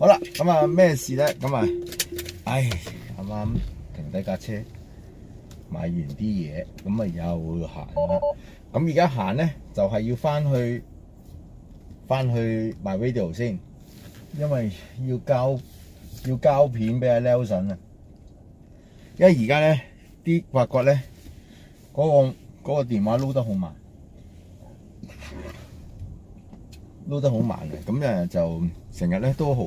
好啦，咁啊咩事咧？咁啊，唉，啱啱停低架車，買完啲嘢，咁啊又行啦。咁而家行咧，就係、是、要翻去翻去賣 video 先，因為要交要交片俾阿 Nelson 啊。因為而家咧啲發覺咧嗰、那個嗰、那個電話撈得好慢。撈得好慢嘅，咁誒就成日咧都好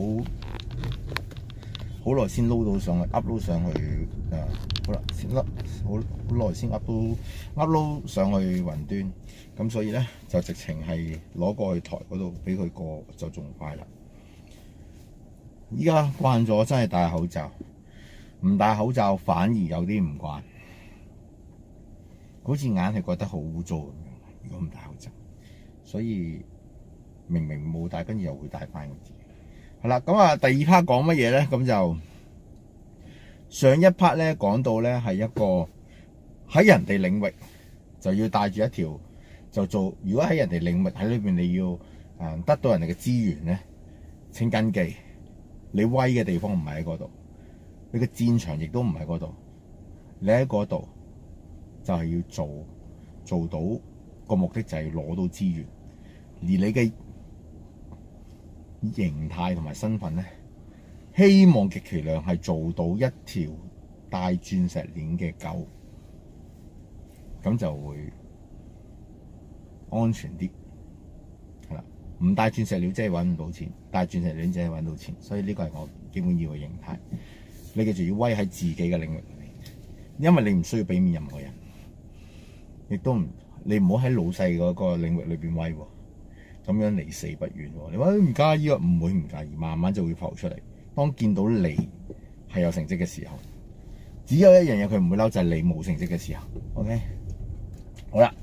好耐先撈到上去 upload 上去啊！好啦，先甩好好耐先 upload upload 上去雲端，咁所以咧就直情係攞過去台嗰度俾佢過就仲快啦。依家慣咗真係戴口罩，唔戴口罩反而有啲唔慣，好似眼係覺得好污糟咁樣。如果唔戴口罩，所以。明明冇帶，跟住又會帶翻個字。係啦，咁啊，第二 part 講乜嘢咧？咁就上一 part 咧講到咧係一個喺人哋領域就要帶住一條就做。如果喺人哋領域喺裏邊，裏面你要誒得到人哋嘅資源咧，請記緊記，你威嘅地方唔係喺嗰度，你嘅戰場亦都唔係喺嗰度。你喺嗰度就係要做做到個目的，就係攞到資源，而你嘅。形態同埋身份咧，希望極其量係做到一條帶鑽石鏈嘅狗，咁就會安全啲。係啦，唔帶鑽石鏈即係揾唔到錢，帶鑽石鏈就係揾到錢。所以呢個係我基本要嘅形態。你嘅仲要威喺自己嘅領域裏面，因為你唔需要俾面任何人，亦都唔你唔好喺老細嗰個領域裏邊威喎。咁樣離死不遠喎！你話唔介意啊？唔會唔介意，慢慢就會浮出嚟。當見到你係有成績嘅時候，只有一樣嘢佢唔會嬲，就係、是、你冇成績嘅時候。OK，好啦，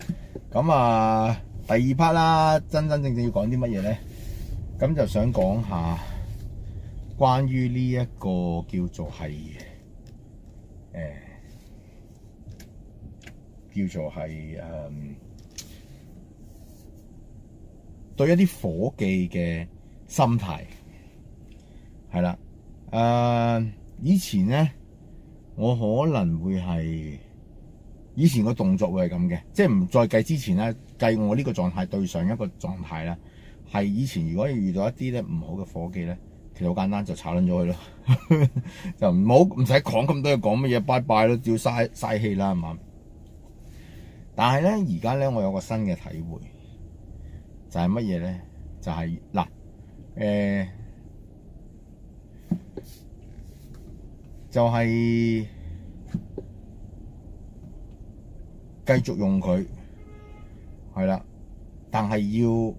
咁啊，第二 part 啦，真真正正要講啲乜嘢咧？咁就想講下關於呢一個叫做係誒、欸、叫做係誒。嗯對一啲夥計嘅心態係啦，誒、呃、以前咧，我可能會係以前個動作會係咁嘅，即係唔再計之前咧，計我呢個狀態對上一個狀態咧，係以前如果遇到一啲咧唔好嘅夥計咧，其實好簡單就炒撚咗佢咯， 就唔好唔使講咁多嘢，講乜嘢拜拜咯，照嘥嘥氣啦係嘛。但係咧，而家咧我有個新嘅體會。就係乜嘢咧？就係、是、嗱，誒、呃，就係、是、繼續用佢，係啦，但係要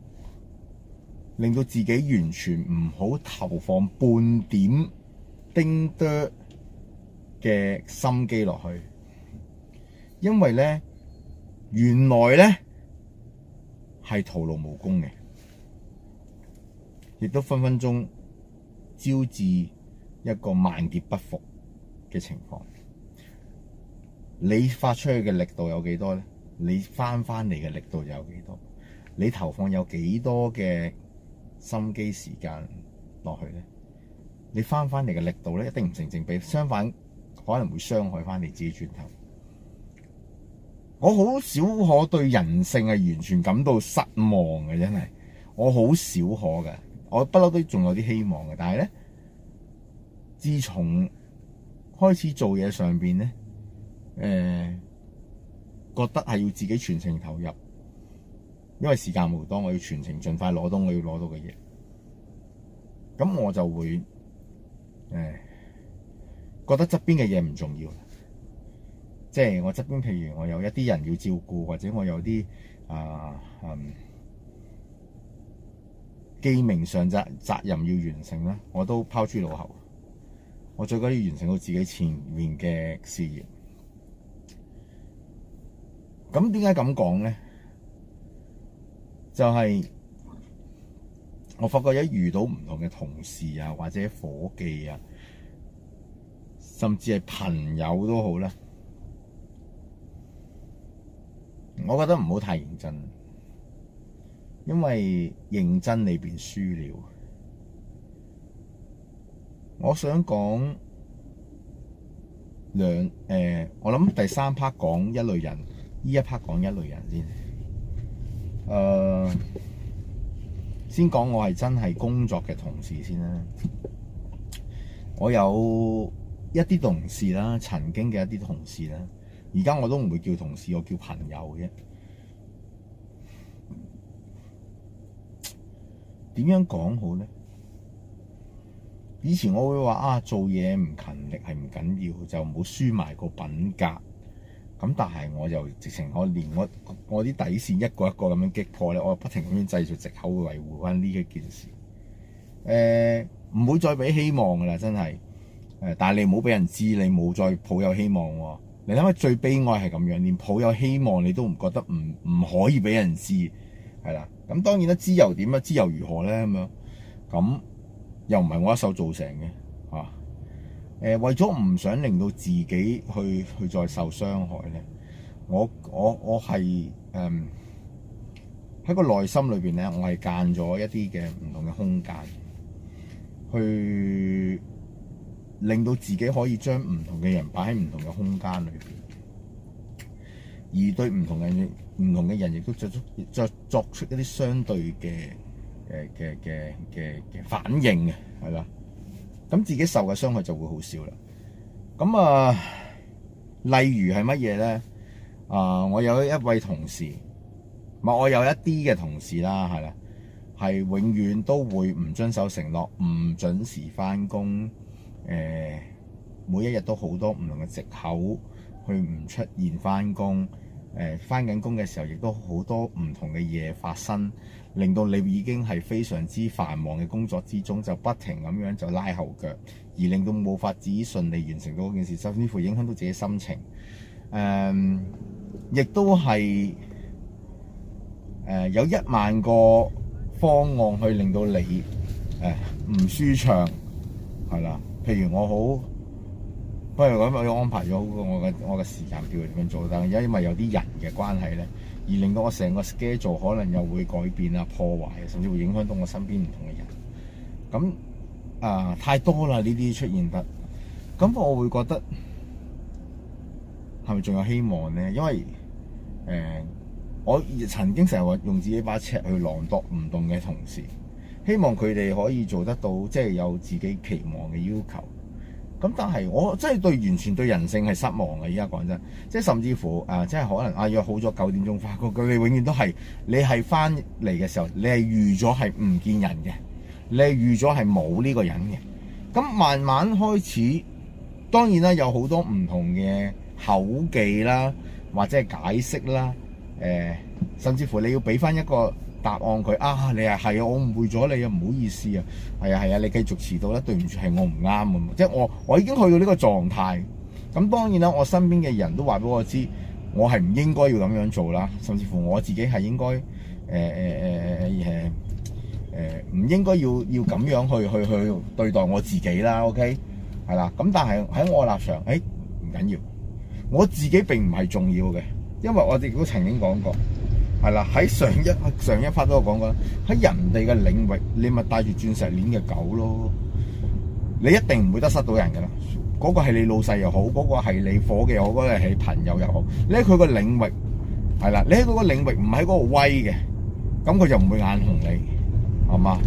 令到自己完全唔好投放半點丁哆嘅心機落去，因為咧，原來咧。係徒勞無功嘅，亦都分分鐘招致一個萬劫不復嘅情況。你發出去嘅力度有幾多咧？你翻返嚟嘅力度又有幾多？你投放有幾多嘅心機時間落去咧？你翻返嚟嘅力度咧一定唔成正比，相反可能會傷害翻你自己轉頭。我好少可對人性係完全感到失望嘅，真係，我好少可嘅，我不嬲都仲有啲希望嘅。但係咧，自從開始做嘢上邊咧，誒、呃、覺得係要自己全程投入，因為時間冇多，我要全程盡快攞到我要攞到嘅嘢，咁我就會誒、呃、覺得側邊嘅嘢唔重要。即係我側邊，譬如我有一啲人要照顧，或者我有啲啊嗯，機明上責責任要完成啦，我都拋諸腦後。我最緊要完成到自己前面嘅事業。咁點解咁講咧？就係、是、我發覺一遇到唔同嘅同事啊，或者伙計啊，甚至係朋友都好啦。我覺得唔好太認真，因為認真你便輸了。我想講兩誒、呃，我諗第三 part 講一類人，呢一 part 講一類人先。誒、呃，先講我係真係工作嘅同事先啦。我有一啲同事啦，曾經嘅一啲同事啦。而家我都唔會叫同事，我叫朋友嘅啫。點樣講好呢？以前我會話啊，做嘢唔勤力係唔緊要，就唔好輸埋個品格。咁但係我就直情，我連我我啲底線一個一個咁樣擊破咧，我就不停咁樣製造藉口維護翻呢一件事。誒、呃，唔會再俾希望噶啦，真係。但係你唔好俾人知，你冇再抱有希望喎。你諗下最悲哀係咁樣，連抱有希望你都唔覺得唔唔可以俾人知，係啦。咁當然啦，知又點啊？知又如何咧？咁樣咁又唔係我一手造成嘅嚇。誒、啊呃，為咗唔想令到自己去去再受傷害咧，我我我係誒喺個內心裏邊咧，我係間咗一啲嘅唔同嘅空間去。令到自己可以將唔同嘅人擺喺唔同嘅空間裏邊，而對唔同嘅唔同嘅人，亦都作出作作出一啲相對嘅嘅嘅嘅嘅反應嘅，係啦。咁自己受嘅傷害就會好少啦。咁啊、呃，例如係乜嘢咧？啊、呃，我有一位同事，唔係我有一啲嘅同事啦，係啦，係永遠都會唔遵守承諾，唔準時翻工。誒，每一日都好多唔同嘅藉口去唔出現翻工。誒、呃，翻緊工嘅時候，亦都好多唔同嘅嘢發生，令到你已經係非常之繁忙嘅工作之中，就不停咁樣就拉後腳，而令到冇法子順利完成到件事，甚至乎影響到自己心情。誒、呃，亦都係誒、呃、有一萬個方案去令到你誒唔、呃、舒暢，係啦。譬如我好，不如咁去安排咗好我嘅我嘅時間表點樣做，但係因為有啲人嘅關係咧，而令到我成個 schedule 可能又會改變啊、破壞，甚至會影響到我身邊唔同嘅人。咁啊、呃，太多啦呢啲出現得，咁我會覺得係咪仲有希望咧？因為誒、呃，我曾經成日話用自己把尺去量度唔動嘅同事。希望佢哋可以做得到，即係有自己期望嘅要求。咁但係我真係對完全對人性係失望嘅。依家講真，即係甚至乎啊，即係可能啊，約好咗九點鐘，發覺佢哋永遠都係，你係翻嚟嘅時候，你係預咗係唔見人嘅，你係預咗係冇呢個人嘅。咁慢慢開始，當然啦，有好多唔同嘅口技啦，或者係解釋啦，誒、呃，甚至乎你要俾翻一個。答案佢啊，你啊係啊，我誤會咗你啊，唔好意思啊，係啊係啊，你繼續遲到啦，對唔住，係我唔啱啊，即係我我已經去到呢個狀態。咁當然啦，我身邊嘅人都話俾我知，我係唔應該要咁樣做啦，甚至乎我自己係應該誒誒誒誒誒誒唔應該要要咁樣去去去對待我自己啦。OK，係啦。咁但係喺我立場，誒唔緊要，我自己並唔係重要嘅，因為我哋都曾經講過。係啦，喺上一上一發都有講過啦，喺人哋嘅領域，你咪戴住鑽石鏈嘅狗咯，你一定唔會得失到人噶啦。嗰、那個係你老細又好，嗰、那個係你夥記又好，嗰、那個係你朋友又好，你喺佢個領域，係啦，你喺佢個領域唔喺嗰個威嘅，咁佢就唔會眼紅你，係嘛？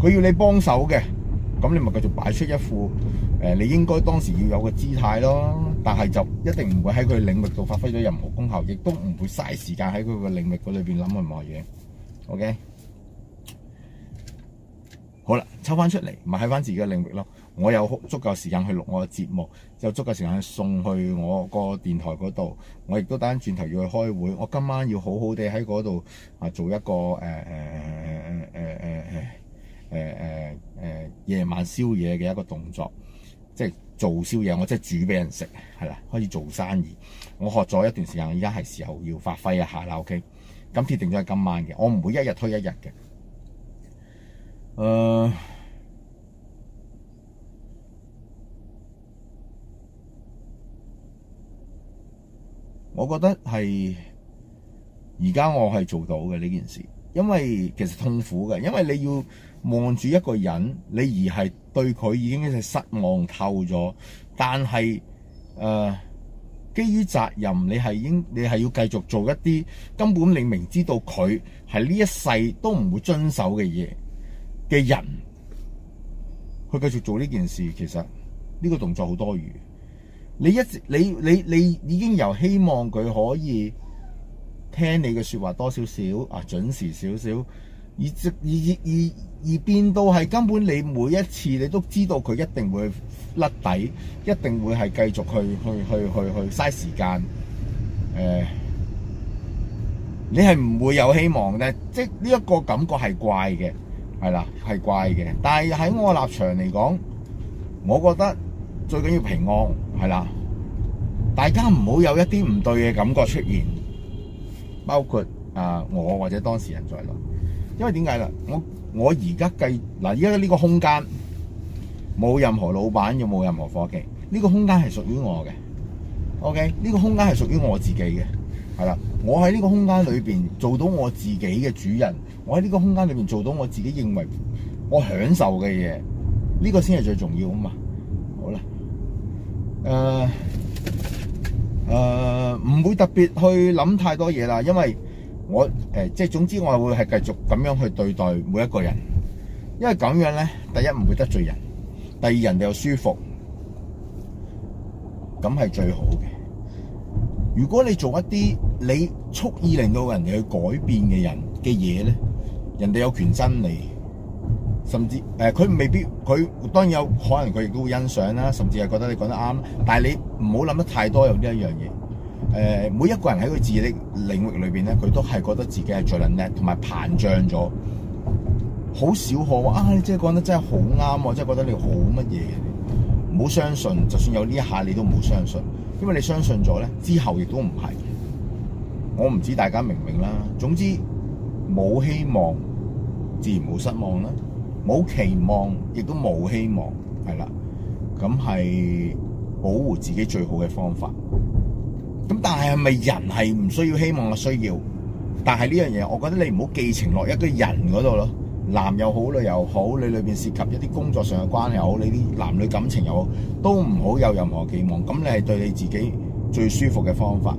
佢要你幫手嘅，咁你咪繼續擺出一副誒、呃，你應該當時要有嘅姿態咯。但係就一定唔會喺佢領域度發揮咗任何功效，亦都唔會嘥時間喺佢個領域嗰裏邊諗任何嘢。OK，好啦，抽翻出嚟，咪喺翻自己嘅領域咯。我有足夠時間去錄我嘅節目，有足夠時間去送去我個電台嗰度。我亦都等陣轉頭要去開會。我今晚要好好地喺嗰度啊，做一個誒誒誒誒誒誒誒誒夜晚宵夜嘅一個動作，即係。做宵夜，我即係煮俾人食，係啦，開始做生意。我學咗一段時間，而家係時候要發揮一下啦。OK，咁決定咗係今晚嘅，我唔會一日推一日嘅。誒、呃，我覺得係而家我係做到嘅呢件事，因為其實痛苦嘅，因為你要。望住一個人，你而係對佢已經係失望透咗，但係誒、呃，基於責任，你係應，你係要繼續做一啲根本你明知道佢係呢一世都唔會遵守嘅嘢嘅人，佢繼續做呢件事，其實呢個動作好多餘。你一直，你你你，你已經由希望佢可以聽你嘅説話多少少啊，準時少少。而而而而變到係根本，你每一次你都知道佢一定會甩底，一定會係繼續去去去去去嘥時間。誒，呃，你係唔會有希望咧？即呢一個感覺係怪嘅，係啦，係怪嘅。但係喺我立場嚟講，我覺得最緊要平安，係啦，大家唔好有一啲唔對嘅感覺出現，包括啊，呃，我或者當事人在內。因為點解啦？我我而家計嗱，而家呢個空間冇任何老闆，又冇任何伙計，呢個空間係屬於我嘅。OK，呢個空間係屬於我自己嘅，係啦。我喺呢個空間裏邊做到我自己嘅主人，我喺呢個空間裏邊做到我自己認為我享受嘅嘢，呢個先係最重要啊嘛。好啦，誒誒，唔會特別去諗太多嘢啦，因為。我誒即係總之，我會係繼續咁樣去對待每一個人，因為咁樣咧，第一唔會得罪人，第二人哋又舒服，咁係最好嘅。如果你做一啲你蓄意令到人哋去改變嘅人嘅嘢咧，人哋有權憎你，甚至誒佢、呃、未必佢當然有可能佢亦都會欣賞啦，甚至係覺得你講得啱，但係你唔好諗得太多有呢一樣嘢。誒每一個人喺佢自己嘅領域裏邊咧，佢都係覺得自己係最叻，同埋膨脹咗，好少可啊！你真係講得真係好啱，我真係覺得你好乜嘢，唔好相信，就算有呢一下你都唔好相信，因為你相信咗咧，之後亦都唔係。我唔知大家明唔明啦。總之冇希望，自然冇失望啦。冇期望，亦都冇希望，係啦。咁係保護自己最好嘅方法。咁但係係咪人係唔需要希望嘅需要？但係呢樣嘢，我覺得你唔好寄情落一啲人嗰度咯。男又好，女又好，你裏邊涉及一啲工作上嘅關係又好，你啲男女感情又好，都唔好有任何寄望。咁你係對你自己最舒服嘅方法，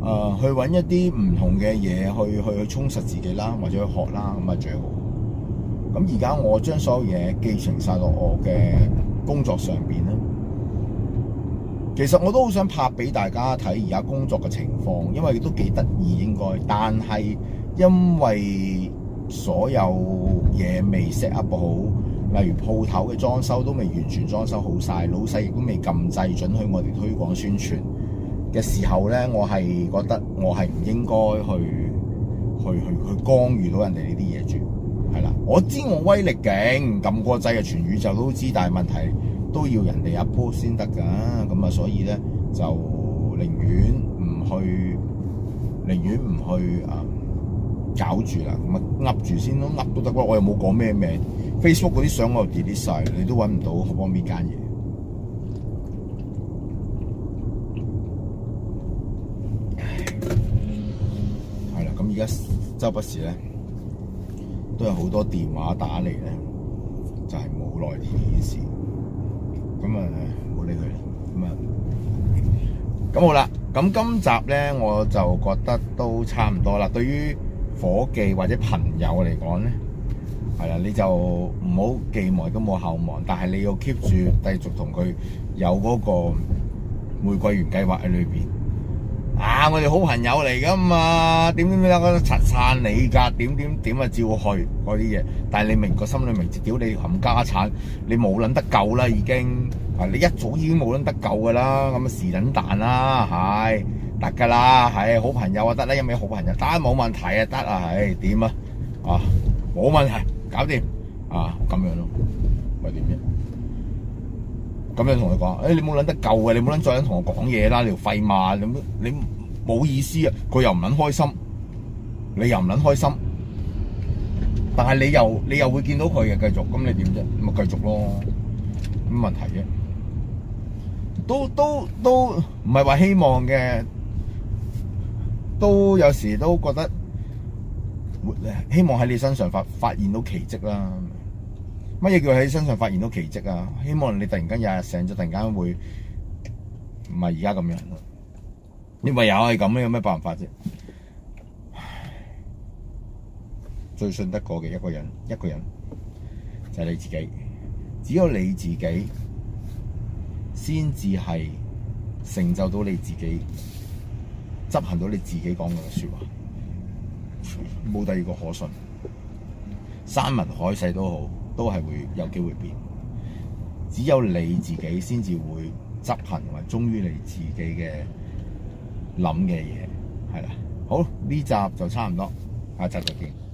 誒、呃，去揾一啲唔同嘅嘢去去去充實自己啦，或者去學啦，咁啊最好。咁而家我將所有嘢寄情晒落我嘅工作上邊啦。其實我都好想拍俾大家睇而家工作嘅情況，因為都幾得意應該。但係因為所有嘢未 set up 好，例如鋪頭嘅裝修都未完全裝修好晒，老細亦都未撳掣準許我哋推廣宣傳嘅時候呢，我係覺得我係唔應該去去去去干預到人哋呢啲嘢住。係啦，我知我威力勁，撳過掣嘅全宇宙都知，但係問題。都要人哋入波先得㗎，咁啊，所以咧就寧願唔去，寧願唔去啊、嗯，搞住啦，咁啊笠住先咯，笠都得㗎。我又冇講咩咩，Facebook 嗰啲相我又 delete 曬，你都揾唔到我幫邊間嘢。係啦，咁而家周不時咧都有好多電話打嚟咧，就係冇內顯示。咁啊，冇理佢啦。咁啊，咁好啦。咁今集咧，我就覺得都差唔多啦。對於伙計或者朋友嚟講咧，係啊，你就唔好寄望亦都冇後望，但係你要 keep 住繼續同佢有嗰個玫瑰園計劃喺裏邊。啊！我哋好朋友嚟㗎嘛，點點點啦，我都拆散你㗎，點點點啊，照去嗰啲嘢。但係你明，個心裏明，只屌你冚家鏟，你冇捻得救啦已經。啊，你一早已經冇捻得救㗎啦，咁啊是等蛋啦，係得㗎啦，係好朋友啊，得啦，一味好朋友，得，冇問題啊，得啊，係點啊，啊冇問題，搞掂啊咁樣咯，咪點啫。咁樣同佢講，誒你冇諗得夠嘅，你冇諗再諗同我講嘢啦，你條廢馬，你你冇意思啊！佢又唔諗開心，你又唔諗開心，但係你又你又會見到佢嘅繼續，咁你點啫？咁咪繼續咯，冇問題啫。都都都唔係話希望嘅，都有時都覺得希望喺你身上發發現到奇蹟啦。乜嘢叫喺身上發現到奇蹟啊？希望你突然間日日醒咗，突然間會唔係而家咁樣。你唯有係咁咯，有咩辦法啫？最信得過嘅一個人，一個人就係你自己。只有你自己先至係成就到你自己，執行到你自己講嘅說話，冇第二個可信。山盟海誓都好。都係會有機會變，只有你自己先至會執行同埋忠於你自己嘅諗嘅嘢，係啦。好，呢集就差唔多，下集再見。